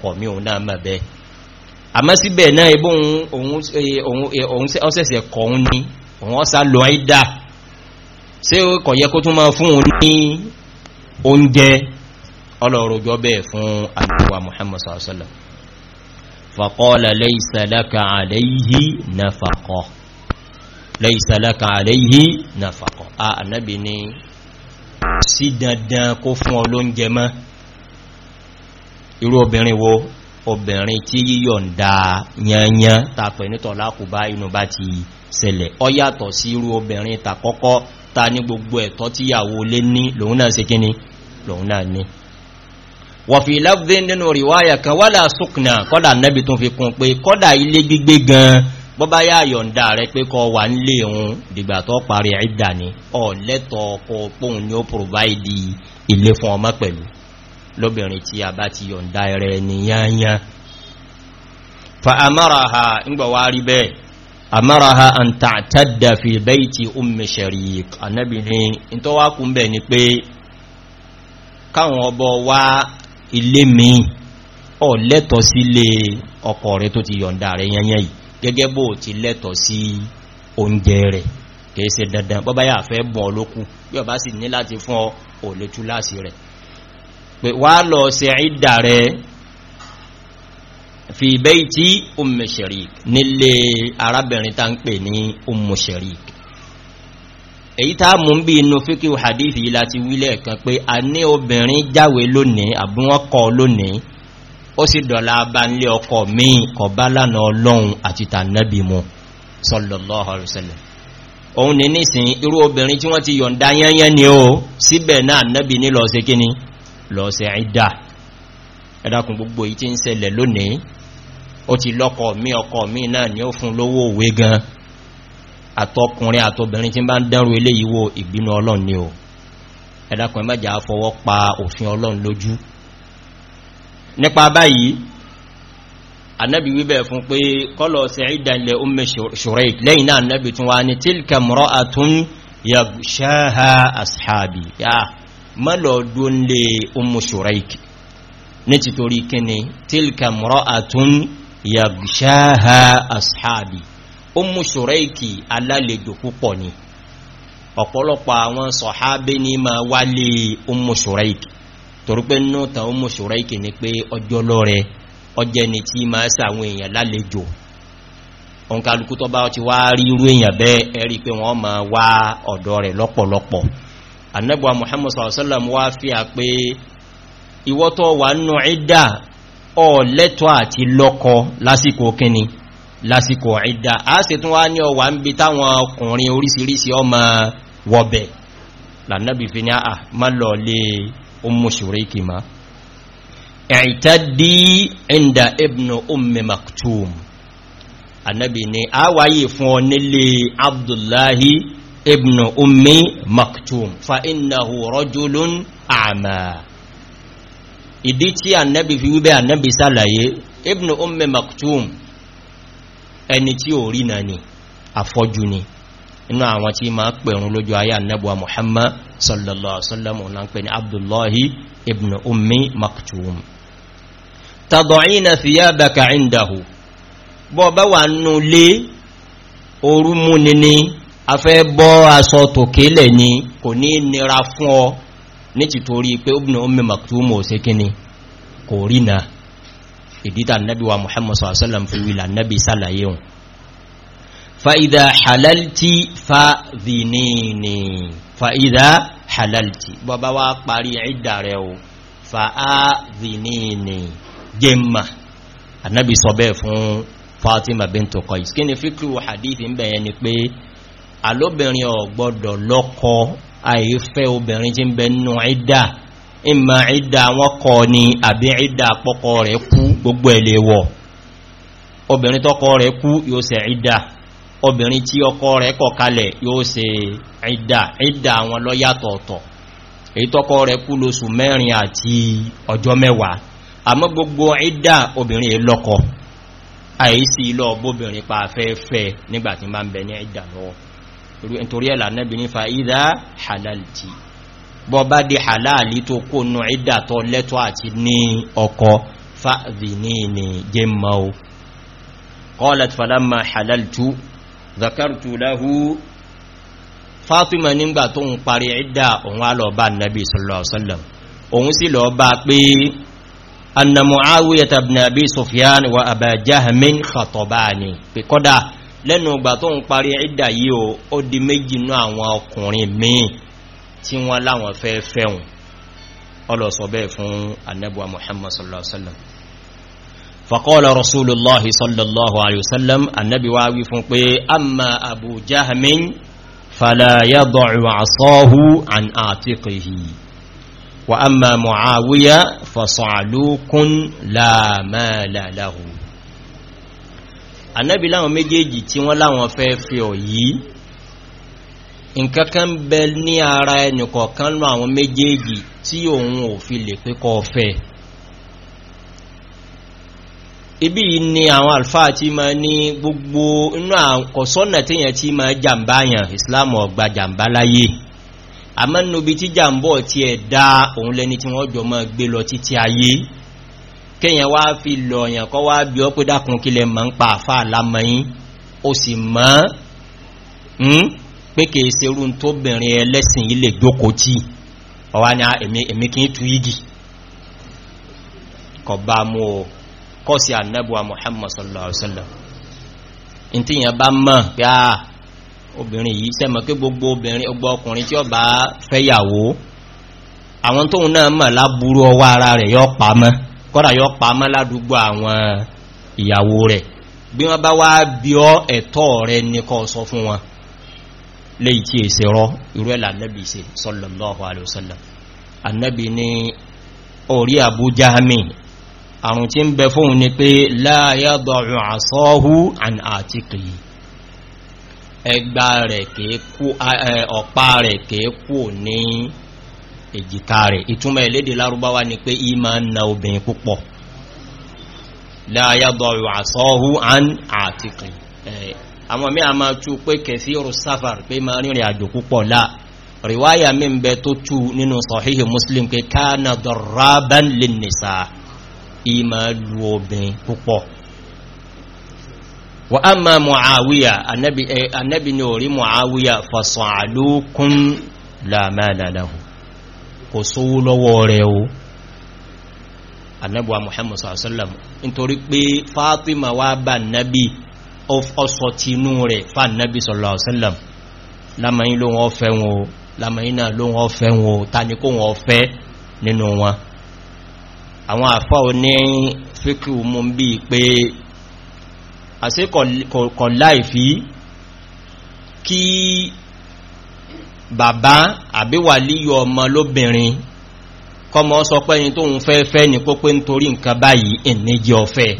ọ̀pọ̀ mi òun náà mọ̀ bẹ́ àmọ́ síbẹ̀ náà ibó òun ọ̀sẹ̀sẹ̀ kọ̀ òun ni òun ọ̀sá lọ àìdá ṣé ó kọ̀ yẹ kó tún máa fún òun ní oúnjẹ ọlọ́rọ̀jọ́ bẹ́ẹ̀ fún àdúwà Muhammad sallallahu alaihi wasallam faqala laysa laka a annabi ni sí dandan kó fún ọlóúnjẹ mọ́ irú obìnrin wo obìnrin tí yíyọ̀nda yanyan tàpẹ̀ nítọ̀lá kò bá inú bá ti ṣẹlẹ̀ ọ yàtọ̀ sí irú obìnrin tàkọ́kọ́ ta ní gbogbo ẹ̀tọ́ tí yàwó lé ní lòun náà ṣe kíní lòun náà ní wọ̀fí láfdé nínú ríwáyà kan wà láà sókùnà kọ́dà nẹ́bì tó fi kún pé kọ́dà ilé gbígbé gan bọ́bá yá yọ̀ǹda rẹ pé kọ wà ń lè hun dìgbà tó parí ìdà ní ọ̀lẹ́tọ̀ ọkọ̀ òpóhun ni ó provide ilé fún ọmọ pẹ̀lú lóbìnrin tí a bá ti yọ̀nda rẹ̀ ni yányá fa amáraha ngbọ̀wà rí bẹ́ẹ̀ amáraha an tàtàdà fi bayti ummi sharik anábìnrin in tó wá kún bẹ̀ ni pé káwọn ọbọ wá ilé mi ọ lẹ́tọ̀ sí lé ọkọ rẹ̀ tó ti yọ̀nda rẹ̀ yányá yìí gẹ́gẹ́ bó ti lẹ́tọ̀ sí oúnjẹ rẹ̀ kìí ṣe dandan bọ́bá yà fẹ́ bọ̀ olókú bí ọba sì ní láti fún ọ òlótú láti rẹ̀ pé wà lọ sí ìdà rẹ̀ fi bayti Umm Sharik nílé arábìnrin tá ń pè ní Umm Sharik èyí tá mú bí inú fíkíw hadithi láti wílẹ̀ kan pé a ní obìnrin jáwé lónìí àbí wọ́n kọ lónìí ó sì dọ̀la bá ń lé ọkọ míì kọ̀ bá lánà ọlọ́run àti tànàbì mu sallallahu òun ní nísìn irú obìnrin tí wọ́n ti yọ̀ǹda yẹ́yẹ́ ni ó síbẹ̀ náà nàbì nílọ sí kíní lọ ṣe ìdá ẹ̀dàkùn gbogbo yìí tí ń ṣẹlẹ̀ lónìí ó ti lọ́kọ mí ọkọ mí náà ni ó fún lówó òwe gan àtọkùnrin àtobìnrin tí bá ń dánrò eléyìí wò ìbínú ọlọ́run ni wíbẹ̀ fún pé kọlọ̀ sí ìdánilẹ̀ umme shurek lẹ́yìn náà annabi tún ní tilka mura'atun yagshaha ashabi ya yeah mọ́lọ̀dó ń lè Ummu Shuraik ní títorí kíni tilka mra'atun yaghshaha ashabi Ummu Shuraik alálejò púpọ̀ ni ọ̀pọ̀lọpọ̀ àwọn sọ̀hábé ní ma wálé Ummu Shuraik torípé nóta Ummu Shuraik ni pé ọjọ́ lọ́rẹ ọjẹ́ ni tí ma sàwọn èèyàn lálejò òǹkàlùkú tó bá ti wá rí irú èèyàn bẹ́ẹ̀ ẹ̀rí pé wọ́n ma wá ọ̀dọ̀ rẹ̀ lọ́pọ̀lọpọ̀ annabuwa muhammad sallallahu wá fi à pé ìwọ́tọ̀ wà nù ìdá ọ lẹ́tọ́ àti lọ́kọ lásìkò kíni lásìkò ìdá a sì tún wá ní ọwà ń bi táwọn ọkùnrin orísìírísìí ọmọ wọ̀bẹ̀ lànàbì fi ní àà má lọ lè ummu shuriki ma i'taddi inda ibnu ummi maktum annabi ni a wáyé fún ọ abdullahi ibn ummi maktum fa innahu rajulun a'ma ìdí tí annabi fi wíbẹ̀ annabi sálàyé ibn ummi maktum ẹni tí ò rí náà ni afọ́jú ni inú àwọn tí ma pẹ̀rún lójú ayé annabuwa muhammad sallallahu alaihi wasallam na ń pè ní abdullahi ibn ummi maktum tad'ina thiyabaka indahu bọ́ bá wà nú lé orú ni ni a fẹ́ bọ́ aṣọ tòkélẹ̀ ni kò ní nira fún ọ ní tìtorí pé Ibn Umm Maktum ò sí kíni kò rí na ìdíta nẹ́bíwa Muhammad sallallahu alaihi wasallam fi wílà nẹ́bí sálàyé hùn fa'idha halalti fa'dhinini fa'idha halalti bọ́bá wá parí ìdà rẹ̀ o fa'dhinini jẹ́mà annabi sọ bẹ́ẹ̀ fún Fatima bintu Qais kí ni fíkú hadith alóbìnrin ò gbọ́dọ̀ lọ́kọ àìfẹ́ obìnrin tí ń bẹ nínú ìdá ìmọ̀ ìdá wọn kọ ni àbí ìdá pọ́kọ rẹ̀ kú gbogbo ẹ̀lẹ̀ wọ̀ obìnrin tọ́kọ rẹ̀ kú yóò ṣe ìdá obìnrin tí ọkọ rẹ̀ kọ̀ kalẹ̀ yóò ṣe ìdá ìdá wọn ló yàtọ̀ọ̀tọ̀ èyí tọ́kọ rẹ̀ kú lóṣù mẹ́rin àti ọjọ́ mẹ́wàá àmọ́ gbogbo ìdá obìnrin lọ́kọ àìsí ilọ́ bóbìnrin pa fẹ́ẹ́fẹ́ nígbàtí máa ń bẹ ní ìdá lọ́wọ́ torí ẹ̀là nẹ́bì ní fa ìdá halalti bọ́ bá di halali tó kó nù ìdàtọ̀ lẹ́tọ́ àti ní ọkọ fa'adhinini jẹ́mọ́ qalat falamma halaltu zakartu lahu fatima nígbà tó ń parí ìdá òun á lọ bá nẹ́bì sallallahu alaihi wasallam òun lẹ́nu ìgbà tó ń parí ìdà yìí o ó di méjì ní àwọn ọkùnrin míì tí wọ́n láwọn fẹ́ fẹ́hùn ọlọ́sọ bẹ́ẹ̀ fún annabuwa muhammad sallallahu alaihi wasallam faqala rasulullahi sallallahu alaihi wasallam annabi amma abu jahmin fala yad'u asahu la lahu ànábì láwọn méjèèjì tí wọ́n láwọn fẹ́ fi ọ̀ yìí nkankan bẹ ní ara ẹnìkọ̀ọ̀kan nù àwọn méjèèjì tí òun ò fi lè pé kọ́ fẹ́ ibi yìí ni àwọn alfáà tí ma ní gbogbo inú àkọsọ́nà tí yẹn tí ma jàmbá yàn islam ọgbà jàmbá láyé àmọ́nubi tí jàmbọ̀ ti ẹ̀dá òun lẹni tí wọ́n jọ máa gbé lọ títí ayé kíyàn wá fi lọ̀yàn kọ́ wá bí ọ pé dákun kí lẹ mọ̀ ń pa àfà lámọ́yìn hmm, ó sì mọ́ pé kèé serú tó bìnrin ẹlẹ́sìn ilé jókòó tí ọwá ní ah, èmi kí tú igi kọ bá mú o kọ́ sí annabuwa Muhammad sallallahu alaihi wasallam in tí yẹn bá mọ̀ pé à ah, obìnrin yìí sẹ́mọ̀ pé gbogbo obìnrin ọgbọ́ ọkùnrin kọ́dà yọ pa mọ́ládúgbò àwọn ìyàwó rẹ̀ bí wọ́n bá wá bí ọ ẹ̀tọ́ rẹ̀ ní kọ́ sọ fún wọn lè tí è se rọ irú ẹ̀lá nẹ́bì se sallallahu alaihi la yada'u asahu an atiqi ẹgbà rẹ̀ kéèkú ọ̀pá ní èjìká rẹ̀ ìtumọ̀ ìlédè lárúbáwá ni pé ìmá na obìnrin púpọ̀ láyádọ̀rù àsọ́hú an àtìkì àwọn mí a máa tú pé kẹfí rú sáfàr pé ma rìnrìn àjò púpọ̀ láà ríwáyà mí bẹ tó tú nínú sọ̀híhì muslim pé káàna dọ̀rábán lè nìsà kò sówó lọ́wọ́ rẹ̀ o annabuwa muhammad sallallahu alaihi wasallam nítorí pé fatima wá bá nabi ọsọ tinú rẹ̀ fa nabi sallallahu alaihi wasallam lámàáyí ló wọ́n fẹ́ wọn o lámàáyí náà ló wọ́n fẹ́ wọn o ta ni kó wọ́n fẹ́ nínú wọn àwọn àfá ò ní fíkì mú bí i pé àṣíkọ̀ láìfí kí bàbá àbí wàlíyọ ọmọ lóbìnrin kọmọ sọ pé yìí tóun fẹ́ fẹ́ ní kó pé nítorí nǹkan báyìí ìníjẹ ọ̀fẹ́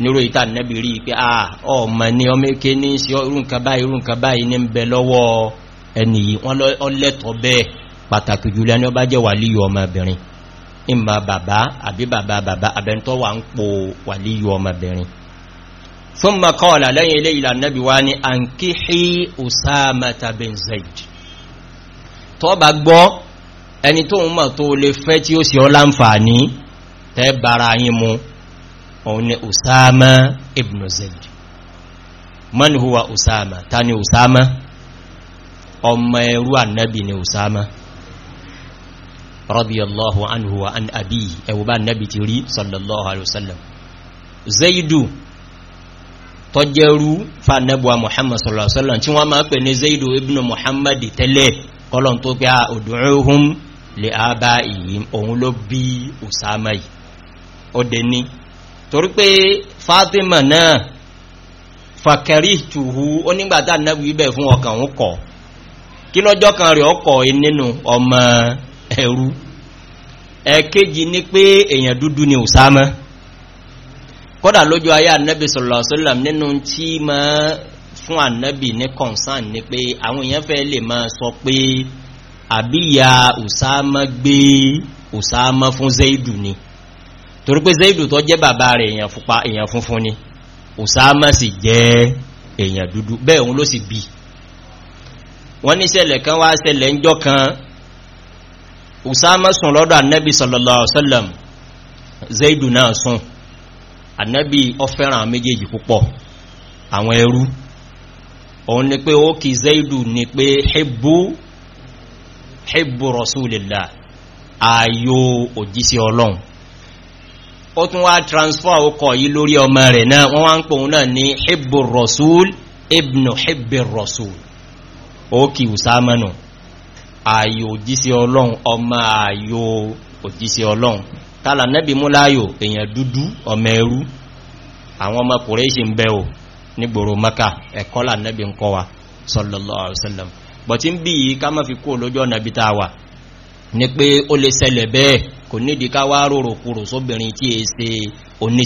nírò ìta nẹ́bì rí pé à ọmọ ní ọmọ èké ní sí irú nǹkan báyìí irú nǹkan báyìí ní ń bẹ lọ́wọ́ ẹni wọ́n lẹ́tọ̀ bẹ́ẹ̀ pàtàkì jùlọ ní ثم قال لن إلى النبي واني أنكحي أسامة بن زيد طبعا بو ẹni tó ń mọ̀ tó lè fẹ́ tí ó sì ọ láǹfààní tẹ́ bára yín mú òun ni Usama ibn Zaid man huwa Usama ta ni Usama ọmọ ẹrú annabi ni Usama radiyallahu anhu wa an abi ẹwọ bá annabi ti rí sallallahu alaihi wasallam Zaidu tó jẹ́rú fàánẹ́bùwa muhammad sallallahu alaihi wasallam tí wọ́n máa pè ní zaidu ibn muhammad tẹ́lẹ̀ kọlọ̀n tó pé a ud'uhum li abaihim òun ló bí usama yìí ó dẹ̀ ní torí pé fatima náà fakarihtuhu ó nígbàtà nẹ́bù ibẹ̀ fún ọkàn òun kọ̀ kí lọ́jọ́ kan rẹ̀ ọkọ̀ nínú ọmọ ẹrú ẹ̀kejì ni pé èèyàn dúdú ni usama kọ́dà lójú ayé ànẹ́bì sọ̀lọ̀sọ́lọ̀ nínú tí ma fún ànẹ́bì ní concern ni pé àwọn èèyàn fẹ́ lè máa sọ pé àbíyà Usama gbé Usama fún Zaidu ni torí pé Zaidu tó jẹ́ bàbá rẹ̀ èèyàn fúnpa èèyàn funfun ni Usama sì jẹ́ èèyàn dúdú bẹ́ẹ̀ òun ló sì bí wọ́n ní ṣẹlẹ̀ kan wá ṣẹlẹ̀ ńjọ́ kan Usama sùn lọ́dọ̀ ànẹ́bì sọ̀lọ̀lọ̀ Zaidu náà sùn ànábì ọfẹ́ràn méjèèjì púpọ̀ àwọn ẹrú òun ni pé ó kì zaidu ni pé hibbu hibbu rasulillah ayò òjísí ọlọ́run ó tún wá transfer ọkọ̀ yí lórí ọmọ rẹ̀ náà wọ́n wá ń pòun náà ní hibbu rasul ibn hibbi rasul ó kì Ayo ayò òjísí ọlọ́run ọmọ ayò òjísí ọlọ́run tààlà nẹ́bí mú láyò èyàn dúdú ọmọ ẹrú àwọn ọmọ Kùrẹ́ṣì ń bẹ o nígboro Maka ẹ̀kọ́ nẹ́bí ń kọ́ wa sallallahu alaihi wasallam bọ̀tí ń bí yìí ká má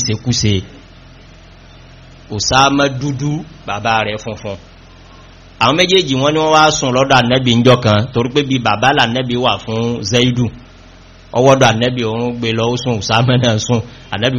fi kó Usama dúdú bàbá rẹ̀ funfun àwọn méjèèjì wọn ni wọ́n wá sùn lọ́dọ̀ ànẹ́bì ń jọ kan torí bí bàbá lànẹ́bì wà fún Zaidu ọwọ́dọ̀ ànẹ́bì oòrùn gbé lọ ó sún ìsámẹ́nà sún ànẹ́bì